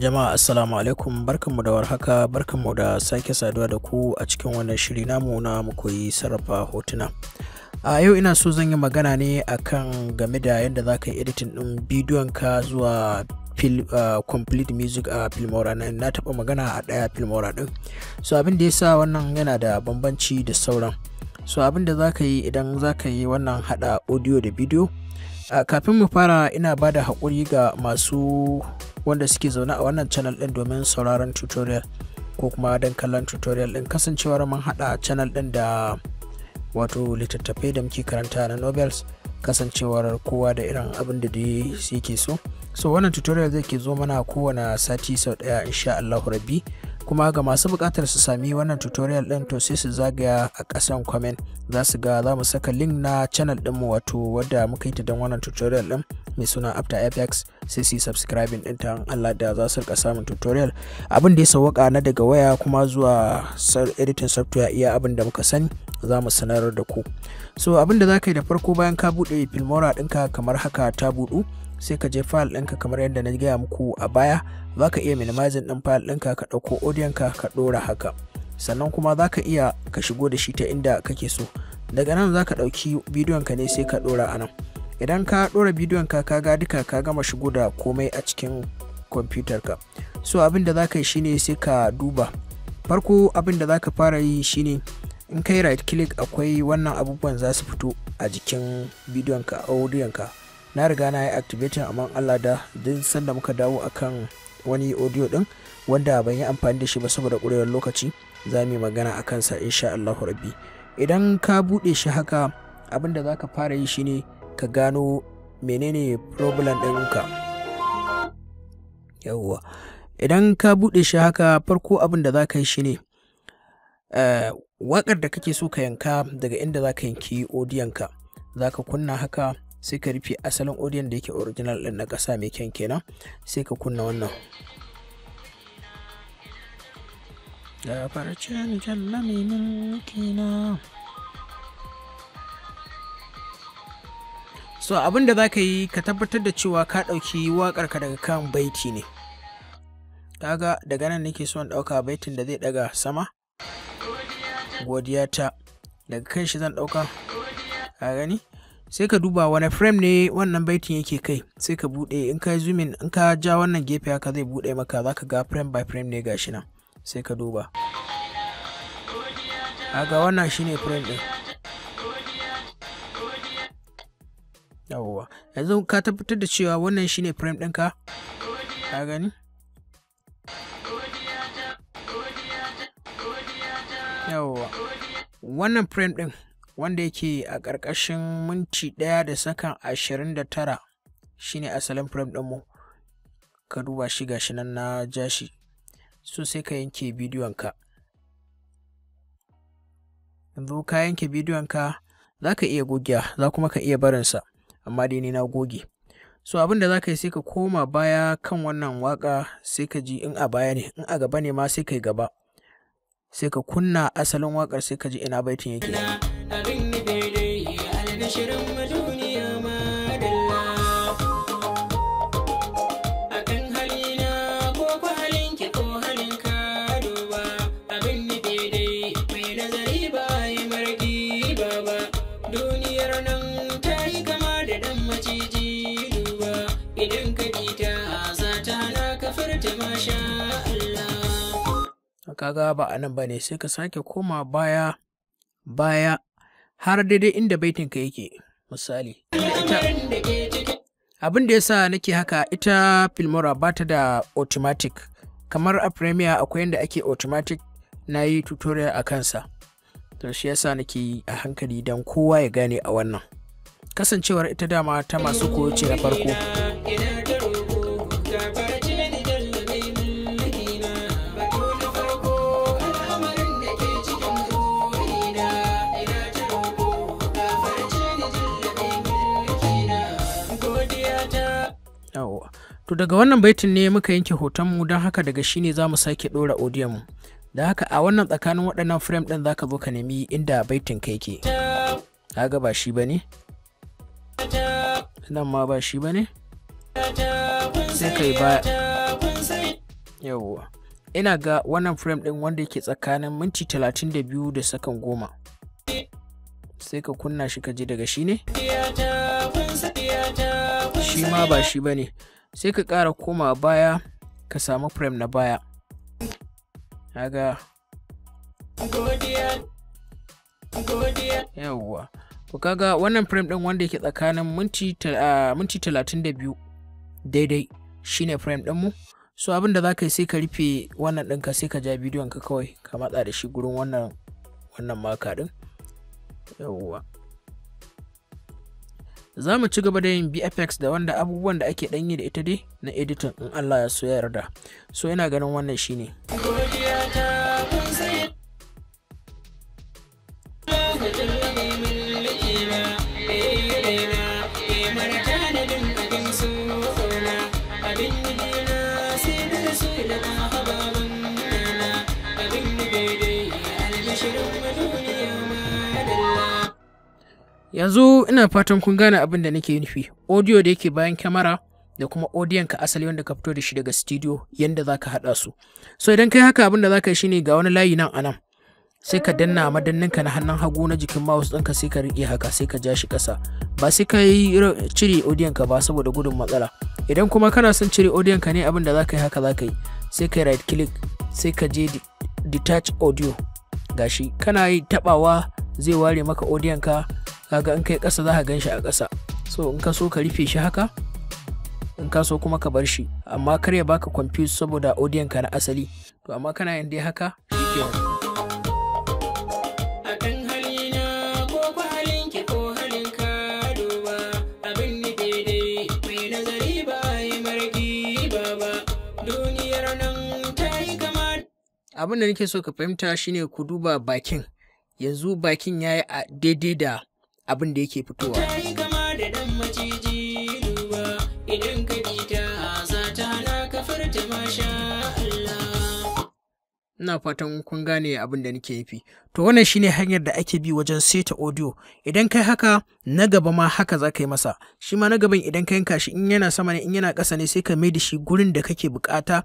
Jama'a assalamu alaikum barkanmu da warhaka barkanmu da sake saduwa da ku a cikin wannan shiri namu na mu koyi sarrafa hotuna. A yau ina so zan yi magana ne akan game da yadda za ka yi editing ɗin bidiyon ka zuwa fil, complete music a uh, Filmora na na taɓa magana a ɗaya Filmora ɗin. So abin da ya sa wannan yana da bambanci da sauran. so abin da za ka yi idan za ka yi wannan hada audio da bidiyo kafin mu fara ina ba da haƙuri ga masu wanda suke zaune a wannan channel din domin sauraron tutorial ko kuma don kallon tutorial din kasancewar mun hada channel din da wato littattafai da muke karanta na novels kasancewar kowa da irin abin da dai suke so so wannan tutorial zai ke zo mana kowane sati sau daya insha Allahu rabi. kuma ga masu bukatar su sami wannan tutorial din to sai su zagaya a ƙasan comment za su ga za mu saka link na channel ɗinmu wato wadda muka yi ta don wannan tutorial din mai suna after fx sai su yi subscribing ɗin ta Allah da za su rika samun tutorial abin da ya sauka na daga waya kuma zuwa editing software iya abin da muka sani za mu sanar da ku so abin da za yi da farko bayan ka buɗe filmora ɗinka kamar haka ta buɗu sai ka je file ɗinka kamar yadda na gaya muku a baya za ka iya minimizing ɗin file ɗinka ka ɗauko audio-ka ka ɗora haka sannan kuma za ka iya ka shigo da shi ta inda kake so daga nan za ka ɗauki ka ne sai ka ɗora a nan idan ka ɗora bidiyon ka ka ga duka ka gama shigo da komai a cikin kwamfutarka so abin da za ka yi shine sai ka duba farko abin da za ka fara yi shine in kai right click akwai wannan abubuwan za su fito a jikin bidiyonka ka na riga na yi activating amma Allah da din sanda muka dawo akan wani audio din wanda ban yi amfani da shi ba saboda ƙurewar lokaci za mu yi magana a kansa insha Allah rabbi idan ka buɗe shi haka abin da za fara yi shine ka gano menene problem ɗinka yawwa idan ka buɗe shi haka farko abin da za yi shine eh, waƙar da kake so ka yanka daga inda za ka yanki odiyonka za ka kunna haka sai ka rufe asalin audio da yake original din na ƙasa mai kyan kenan sai ka kunna wannan da farcen jalla mai mulkina so abinda za ka yi ka tabbatar da cewa ka ɗauki waƙarka daga kan baiti ne kaga daga nan nake son ɗauka baitin da zai ɗaga sama godiya ta daga kan shi zan ɗauka a gani sai ka duba wani frame ne wannan baitin yake kai sai ka bude in ka zoom in in ka ja wannan gefe haka zai bude maka zaka ga frame by frame ne gashi nan sai ka duba ga wannan shine frame din yawwa yanzu ka tabbatar da cewa wannan shine frame ɗinka ka gani yawwa wannan frame ɗin wanda yake a ƙarƙashin minti ɗaya da sakan ashirin da tara shine asalin frame ɗinmu ka duba shi gashi nan na jashi so sai ka yanke bidiyon ka yanzu ka yanke bidiyon ka za ka iya goge za kuma ka iya barinsa amma dai ni na goge so abin da za ka yi sai ka koma baya kan wannan waka sai ka ji in a baya ne in a gaba ne ma sai ka yi gaba sai ka kunna asalin wakar sai ka ji ina baitin yake abin da daidai albishirin duniya ma dalla akan halina ko ku halin ki ko halin ka duba abin da daidai mai nazari ba yi margi ba ba duniyar nan ta yi kama da dan maciji duba idan ka bita za ta hana ka furta masha Allah kaga ba anan sai ka sake koma baya baya har daidai inda baitinka yake misali abin da yasa nake haka ita filmora ba ta da automatic kamar a premier akwai yadda ake automatic na yi tutorial a kansa to shi yasa nake a hankali don kowa ya gane a wannan kasancewar ita dama ta masu koyo ce na farko to daga wannan baitin ne muka yanke hotonmu don haka daga shi ne za mu sake ɗora mu da haka a wannan tsakanin waɗannan frame ɗin zaka zo ka nemi inda baitin kai ke kaga ba shi bane nan ma ba shi bane sai kai ba yawwa ina ga wannan frame ɗin wanda yake tsakanin minti 32 da sakan goma sai ka kunna shi ka ji daga shi ne shi ma ba shi ne. sai ka kara koma baya ka samu frame na baya haga yawwa kaga wannan frame ɗin wanda yake tsakanin minti minti talatin daidai shine frame ɗinmu so abin da za yi sai ka rufe wannan ɗinka sai ka ja bidiyon ka kawai ka matsa da shi gurin wannan wannan maka ɗin yawwa za mu ci gaba da yin bfx da wanda abubuwan da ake danyi da ita dai na editing in allah ya so ya yarda so ina ganin wannan shine ne. yanzu ina fatan kun gane abin da nake nufi audio da yake bayan kyamara da kuma audion ka asali wanda ka fito da shi daga studio yanda za ka haɗa su so idan kai haka abin da za ka yi shine ga wani layi nan anan sai ka danna madannin ka na hannun hagu na jikin mouse ɗinka sai ka rike haka sai ka ja shi ƙasa ba sai ka yi cire audion ka ba saboda gudun matsala idan kuma kana son cire audion ka ne abin da za ka yi haka za ka yi sai ka yi right click sai ka je detach audio gashi kana yi tabawa zai ware maka audion ka kaga in kai ƙasa za ka gan shi a ƙasa so in ka so ka rufe shi haka in ka so kuma ka bar shi amma kar ya baka confuse saboda audiyon ka na asali to amma kana yin dai haka abin da nake so ka fahimta shine ku duba bakin yanzu bakin ya yi daidai da abin da yake fitowa ina fatan kun gane abin da nake nufi to wannan shine hanyar da ake bi wajen seta audio idan kai haka na gaba ma haka za ka yi masa shi ma na gaban idan ka yanka shi in yana sama ne in yana ƙasa ne sai ka mai da shi gurin da kake bukata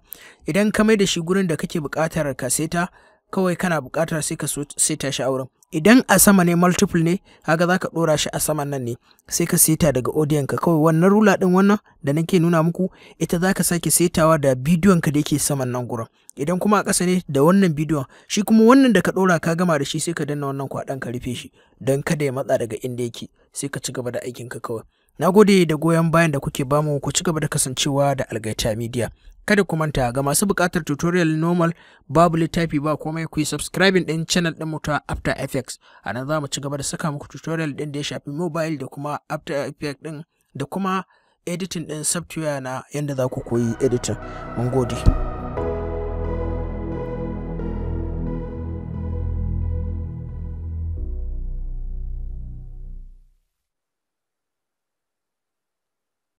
idan ka mai da shi gurin da kake bukatar ka seta kawai kana buƙatar sai ka seta shi auren idan a sama ne multiple ne kaga zaka ka ɗora shi a saman nan ne sai ka seta daga odiyon ka kawai wannan rula ɗin wannan da nake nuna muku ita zaka ka sake setawa da bidiyon ka da yake saman nan gurin idan kuma a ƙasa ne da wannan bidiyon shi kuma wannan da ka dora ka gama da shi sai ka danna wannan kwaɗan ka rufe shi don kada ya matsa daga inda yake sai ka ci gaba da aikin ka kawai na gode da goyon bayan da kuke bamu ku ci gaba da kasancewa da algaita media kada ku manta ga masu buƙatar tutorial normal babu littafi ba komai ku yi subscribing din channel din mutuwa after effects a nan za mu ci gaba da saka muku tutorial din da ya shafi mobile da kuma after effects din da kuma editing din software na yadda za ku koyi editing mun gode